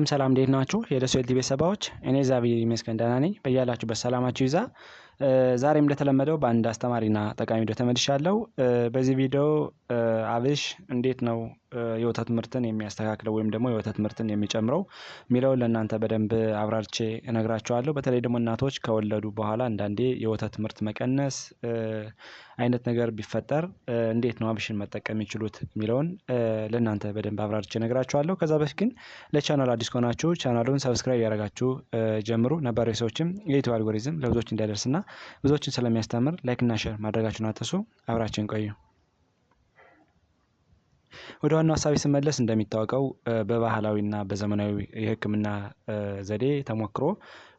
ሰላም ሰላም፣ እንዴት ናችሁ የደሱ ኤልቲ ቤተሰባዎች? እኔ ዛቪ ይመስገን ደህና ነኝ። በያላችሁበት ሰላማችሁ ይዛ ዛሬም እንደተለመደው በአንድ አስተማሪና ጠቃሚ ቪዲዮ ተመልሻለሁ። በዚህ ቪዲዮ አብሽ እንዴት ነው የወተት ምርትን የሚያስተካክለው ወይም ደግሞ የወተት ምርትን የሚጨምረው የሚለውን ለእናንተ በደንብ አብራርቼ እነግራችኋለሁ። በተለይ ደግሞ እናቶች ከወለዱ በኋላ አንዳንዴ የወተት ምርት መቀነስ አይነት ነገር ቢፈጠር እንዴት ነው አብሽን መጠቀም የሚችሉት የሚለውን ለእናንተ በደንብ አብራርቼ እነግራችኋለሁ። ከዛ በፊት ግን ለቻናል አዲስ ከሆናችሁ ቻናሉን ሰብስክራይብ ያደረጋችሁ ጀምሩ። ነባሪ ሰዎችም የዩቱብ አልጎሪዝም ለብዙዎች እንዳይደርስና ብዙዎችን ስለሚያስተምር እና ሼር ማድረጋችሁን አትርሱ። አብራችን ቆዩ። ወደ ዋናው ሀሳቢ ስመለስ እንደሚታወቀው በባህላዊና በዘመናዊ የሕክምና ዘዴ ተሞክሮ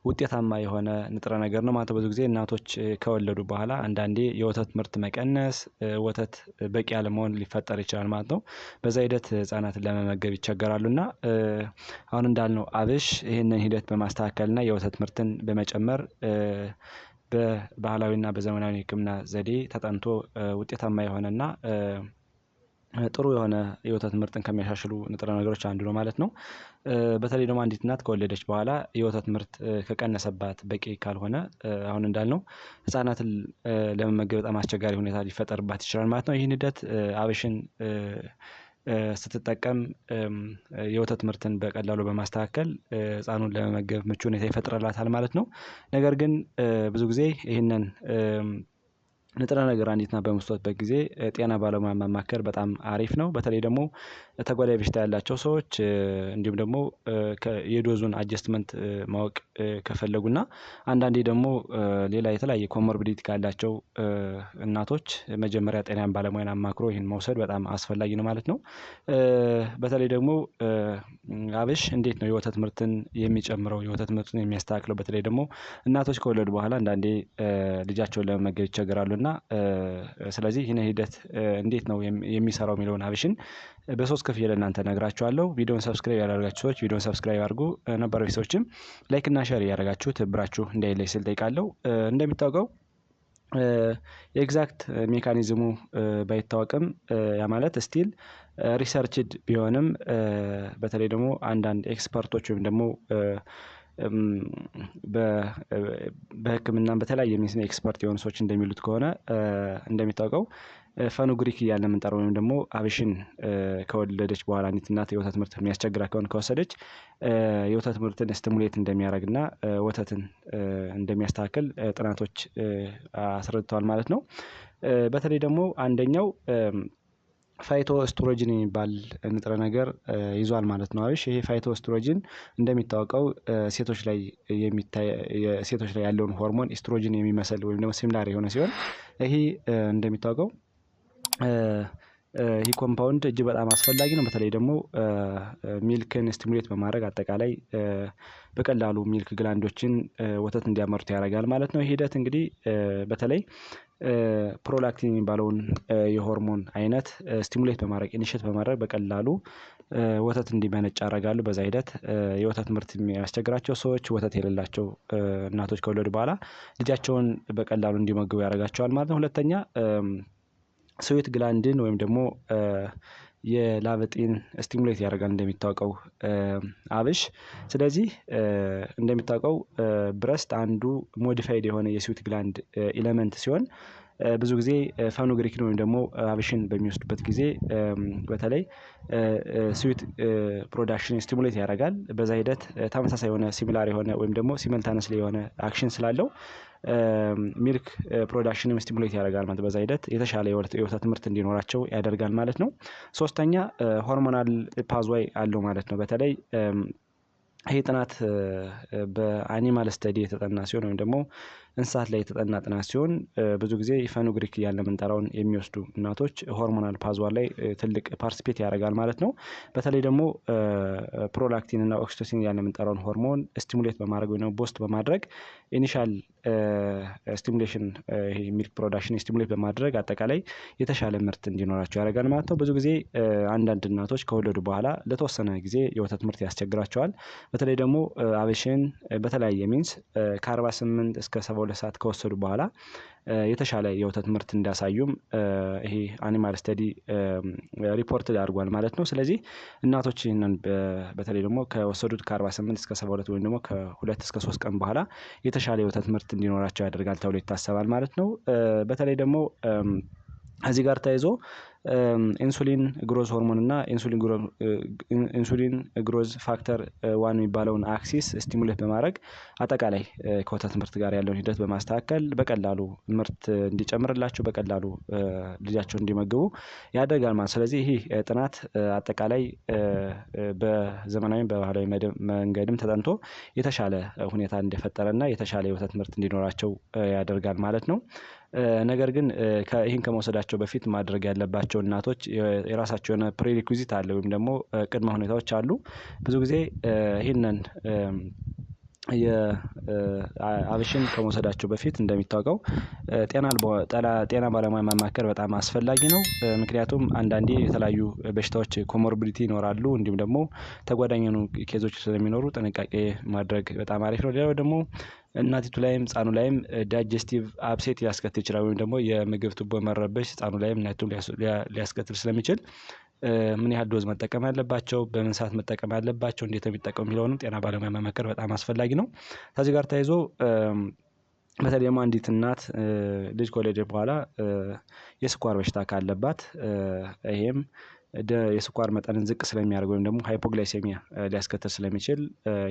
ውጤታማ የሆነ ንጥረ ነገር ነው ማለት ብዙ ጊዜ እናቶች ከወለዱ በኋላ አንዳንዴ የወተት ምርት መቀነስ፣ ወተት በቂ አለመሆን ሊፈጠር ይችላል ማለት ነው። በዛ ሂደት ህጻናትን ለመመገብ ይቸገራሉ እና አሁን እንዳልነው አብሽ ይህንን ሂደት በማስተካከልና የወተት ምርትን በመጨመር በባህላዊና በዘመናዊ ሕክምና ዘዴ ተጠንቶ ውጤታማ የሆነና ጥሩ የሆነ የወተት ምርትን ከሚያሻሽሉ ንጥረ ነገሮች አንዱ ነው ማለት ነው። በተለይ ደግሞ አንዲት እናት ከወለደች በኋላ የወተት ምርት ከቀነሰባት በቂ ካልሆነ አሁን እንዳልነው ህጻናትን ለመመገብ በጣም አስቸጋሪ ሁኔታ ሊፈጠርባት ይችላል ማለት ነው። ይህን ሂደት አብሽን ስትጠቀም የወተት ምርትን በቀላሉ በማስተካከል ህፃኑን ለመመገብ ምቹ ሁኔታ ይፈጥርላታል ማለት ነው። ነገር ግን ብዙ ጊዜ ይህንን ንጥረ ነገር አንዲትና ናት ጊዜ ጤና ባለሙያ መማከር በጣም አሪፍ ነው። በተለይ ደግሞ ተጓዳኝ በሽታ ያላቸው ሰዎች እንዲሁም ደግሞ የዶዙን አጀስትመንት ማወቅ ከፈለጉና አንዳንዴ ደግሞ ሌላ የተለያየ ኮሞርቢዲቲ ካላቸው እናቶች መጀመሪያ ጤናን ባለሙያን አማክሮ ይህን መውሰድ በጣም አስፈላጊ ነው ማለት ነው። በተለይ ደግሞ አብሽ እንዴት ነው የወተት ምርትን የሚጨምረው የወተት ምርትን የሚያስተካክለው? በተለይ ደግሞ እናቶች ከወለዱ በኋላ አንዳንዴ ልጃቸውን ለመመገብ ይቸገራሉ እና ስለዚህ ይህን ሂደት እንዴት ነው የሚሰራው የሚለውን ሀብሽን በሶስት ክፍል ለእናንተ ነግራችኋለሁ። ቪዲዮን ሰብስክራይብ ያደረጋችሁ ሰዎች ቪዲዮን ሰብስክራይብ አድርጉ። ነባር ቤተሰቦችም ላይክና ሸር እያደረጋችሁ ትብብራችሁ እንዳይለይ ስል ጠይቃለሁ። እንደሚታወቀው ኤግዛክት ሜካኒዝሙ ባይታወቅም ያ ማለት ስቲል ሪሰርችድ ቢሆንም በተለይ ደግሞ አንዳንድ ኤክስፐርቶች ወይም ደግሞ በህክምና በተለያየ ሚንስ ኤክስፐርት የሆኑ ሰዎች እንደሚሉት ከሆነ እንደሚታወቀው ፈኑግሪክ እያለ የምንጠራው ወይም ደግሞ አብሽን ከወለደች በኋላ አንዲት እናት የወተት ምርት የሚያስቸግራ ከሆነ ከወሰደች የወተት ምርትን ስትሙሌት እንደሚያደርግና ወተትን እንደሚያስተካክል ጥናቶች አስረድተዋል ማለት ነው። በተለይ ደግሞ አንደኛው ፋይቶ ስትሮጅን የሚባል ንጥረ ነገር ይዟል ማለት ነው አብሽ። ይሄ ፋይቶ ስትሮጅን እንደሚታወቀው ሴቶች ላይ ሴቶች ላይ ያለውን ሆርሞን ኢስትሮጅን የሚመስል ወይም ደግሞ ሲሚላር የሆነ ሲሆን ይሄ እንደሚታወቀው ይህ ኮምፓውንድ እጅግ በጣም አስፈላጊ ነው። በተለይ ደግሞ ሚልክን ስቲሙሌት በማድረግ አጠቃላይ በቀላሉ ሚልክ ግላንዶችን ወተት እንዲያመርቱ ያደርጋል ማለት ነው። ይህ ሂደት እንግዲህ በተለይ ፕሮላክቲን የሚባለውን የሆርሞን አይነት ስቲሙሌት በማድረግ ኢኒሽት በማድረግ በቀላሉ ወተት እንዲመነጭ ያደርጋሉ። በዛ ሂደት የወተት ምርት የሚያስቸግራቸው ሰዎች ወተት የሌላቸው እናቶች ከወለዱ በኋላ ልጃቸውን በቀላሉ እንዲመግቡ ያደርጋቸዋል ማለት ነው። ሁለተኛ ስዊት ግላንድን ወይም ደግሞ የላበጤን ስቲሙሌት ያደርጋል እንደሚታወቀው አብሽ። ስለዚህ እንደሚታወቀው ብረስት አንዱ ሞዲፋይድ የሆነ የስዊት ግላንድ ኢለመንት ሲሆን ብዙ ጊዜ ፋኖግሪክን ወይም ደግሞ አብሽን በሚወስዱበት ጊዜ በተለይ ስዊት ፕሮዳክሽን ስቲሙሌት ያደርጋል። በዛ ሂደት ተመሳሳይ የሆነ ሲሚላር የሆነ ወይም ደግሞ ሲመልታነስ ላይ የሆነ አክሽን ስላለው ሚልክ ፕሮዳክሽንም ስቲሙሌት ያደርጋል ማለት በዛ ሂደት የተሻለ የወተት ምርት እንዲኖራቸው ያደርጋል ማለት ነው። ሶስተኛ ሆርሞናል ፓዝዋይ አለው ማለት ነው። በተለይ ይህ ጥናት በአኒማል ስተዲ የተጠና ሲሆን ወይም ደግሞ እንስሳት ላይ የተጠና ጥናት ሲሆን ብዙ ጊዜ ግሪክ እያለ የምንጠራውን የሚወስዱ እናቶች ሆርሞናል ፓዝዋ ላይ ትልቅ ፓርቲስፔት ያደርጋል ማለት ነው። በተለይ ደግሞ ፕሮላክቲን እና ኦክሲቶሲን እያለ የምንጠራውን ሆርሞን ስቲሙሌት በማድረግ ወይ ቦስት በማድረግ ኢኒሻል ስቲሙሌሽን ሚልክ ፕሮዳክሽን ስቲሙሌት በማድረግ አጠቃላይ የተሻለ ምርት እንዲኖራቸው ያደርጋል ማለት ነው። ብዙ ጊዜ አንዳንድ እናቶች ከወለዱ በኋላ ለተወሰነ ጊዜ የወተት ምርት ያስቸግራቸዋል። በተለይ ደግሞ አብሽን በተለያየ ሚንስ ከ48 እስከ ሁለት ሰዓት ከወሰዱ በኋላ የተሻለ የወተት ምርት እንዲያሳዩም ይሄ አኒማል ስተዲ ሪፖርት አድርጓል ማለት ነው። ስለዚህ እናቶች ይህንን በተለይ ደግሞ ከወሰዱት ከ48 እስከ 72 ወይም ደግሞ ከሁለት እስከ ሶስት ቀን በኋላ የተሻለ የወተት ምርት እንዲኖራቸው ያደርጋል ተብሎ ይታሰባል ማለት ነው። በተለይ ደግሞ ከዚህ ጋር ተያይዞ ኢንሱሊን ግሮዝ ሆርሞን እና ኢንሱሊን ግሮዝ ፋክተር ዋን የሚባለውን አክሲስ ስቲሙሌት በማድረግ አጠቃላይ ከወተት ምርት ጋር ያለውን ሂደት በማስተካከል በቀላሉ ምርት እንዲጨምርላቸው በቀላሉ ልጃቸው እንዲመግቡ ያደርጋል ማለት። ስለዚህ ይህ ጥናት አጠቃላይ በዘመናዊ በባህላዊ መንገድም ተጠንቶ የተሻለ ሁኔታ እንደፈጠረና የተሻለ የወተት ምርት እንዲኖራቸው ያደርጋል ማለት ነው። ነገር ግን ይህን ከመውሰዳቸው በፊት ማድረግ ያለባቸው እናቶች የራሳቸው የሆነ ፕሪሪኩዚት አለ ወይም ደግሞ ቅድመ ሁኔታዎች አሉ። ብዙ ጊዜ ይህንን የአብሽን ከመውሰዳቸው በፊት እንደሚታወቀው ጤና ባለሙያ ማማከር በጣም አስፈላጊ ነው። ምክንያቱም አንዳንዴ የተለያዩ በሽታዎች ኮሞርቢዲቲ ይኖራሉ እንዲሁም ደግሞ ተጓዳኝ የሆኑ ኬዞች ስለሚኖሩ ጥንቃቄ ማድረግ በጣም አሪፍ ነው። ሌላው ደግሞ እናቲቱ ላይም ህፃኑ ላይም ዳይጀስቲቭ አፕሴት ሊያስከትል ይችላል። ወይም ደግሞ የምግብ ቱቦ መረበሽ ህፃኑ ላይም እናቲቱ ሊያስከትል ስለሚችል ምን ያህል ዶዝ መጠቀም ያለባቸው፣ በምን ሰዓት መጠቀም ያለባቸው፣ እንዴት የሚጠቀሙ የሚለውንም ጤና ባለሙያ መመከር በጣም አስፈላጊ ነው። ከዚህ ጋር ተያይዞ በተለይ ደግሞ አንዲት እናት ልጅ ከወለደ በኋላ የስኳር በሽታ ካለባት ይሄም የስኳር መጠንን ዝቅ ስለሚያደርግ ወይም ደግሞ ሃይፖግላይሴሚያ ሊያስከትል ስለሚችል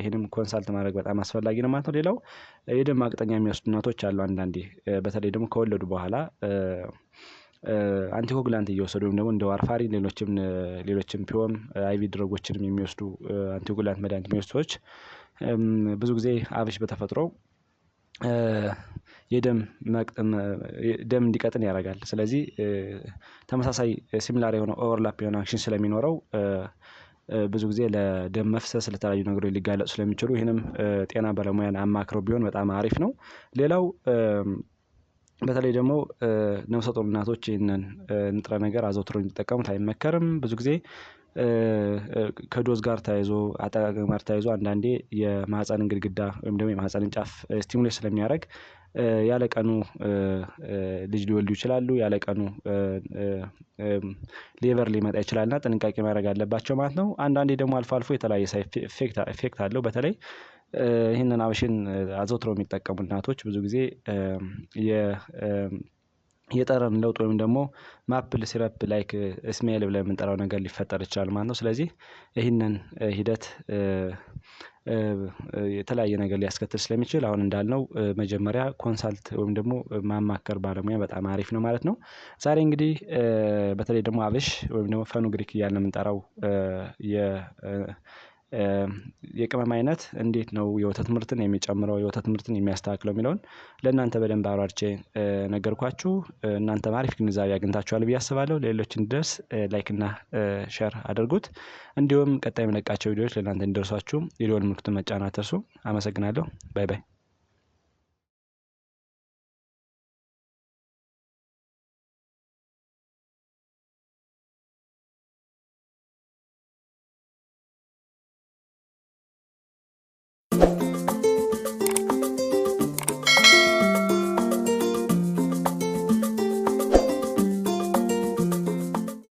ይህንም ኮንሳልት ማድረግ በጣም አስፈላጊ ነው ማለት ነው። ሌላው የደም አቅጠኛ የሚወስዱ እናቶች አሉ። አንዳንዴ በተለይ ደግሞ ከወለዱ በኋላ አንቲኮግላንት እየወሰዱ ወይም ደግሞ እንደ ዋርፋሪን ሌሎችም ሌሎችም ፒዮም አይቪ ድረጎችንም የሚወስዱ አንቲኮግላንት መድኃኒት የሚወስዱ ሰዎች ብዙ ጊዜ አብሽ በተፈጥሮ የደም ደም እንዲቀጥን ያደርጋል። ስለዚህ ተመሳሳይ ሲሚላር የሆነ ኦቨርላፕ የሆነ አክሽን ስለሚኖረው ብዙ ጊዜ ለደም መፍሰስ ለተለያዩ ነገሮች ሊጋለጡ ስለሚችሉ ይህንም ጤና ባለሙያን አማክረው ቢሆን በጣም አሪፍ ነው። ሌላው በተለይ ደግሞ ነፍሰ ጡር እናቶች ይህንን ንጥረ ነገር አዘውትረው እንዲጠቀሙት አይመከርም። ብዙ ጊዜ ከዶዝ ጋር ተያይዞ አጠቃቀም ጋር ተያይዞ አንዳንዴ የማህፀንን ግድግዳ ወይም ደግሞ የማህፀንን ጫፍ ስቲሙሌት ስለሚያደርግ ያለቀኑ ልጅ ሊወልዱ ይችላሉ። ያለቀኑ ሌቨር ሊመጣ ይችላልና ጥንቃቄ ማድረግ አለባቸው ማለት ነው። አንዳንዴ ደግሞ አልፎ አልፎ የተለያየ ኢፌክት አለው። በተለይ ይህንን አብሽን አዘውትረው የሚጠቀሙ እናቶች ብዙ ጊዜ የጠረን ለውጥ ወይም ደግሞ ማፕል ሲረፕ ላይክ ስሜል ብለን የምንጠራው ነገር ሊፈጠር ይችላል ማለት ነው። ስለዚህ ይህንን ሂደት የተለያየ ነገር ሊያስከትል ስለሚችል አሁን እንዳልነው መጀመሪያ ኮንሳልት ወይም ደግሞ ማማከር ባለሙያ በጣም አሪፍ ነው ማለት ነው። ዛሬ እንግዲህ በተለይ ደግሞ አብሽ ወይም ደግሞ ፈኑግሪክ እያልን የምንጠራው የቅመም አይነት እንዴት ነው የወተት ምርትን የሚጨምረው የወተት ምርትን የሚያስተካክለው የሚለውን ለእናንተ በደንብ አብራርቼ ነገርኳችሁ። እናንተ አሪፍ ግንዛቤ አግኝታችኋል ብዬ አስባለሁ። ለሌሎች እንዲደርስ ላይክና ሼር አድርጉት። እንዲሁም ቀጣይ የምለቃቸው ቪዲዮዎች ለእናንተ እንዲደርሷችሁ ቪዲዮውን ምልክቱን መጫን አትርሱ። አመሰግናለሁ። ባይ ባይ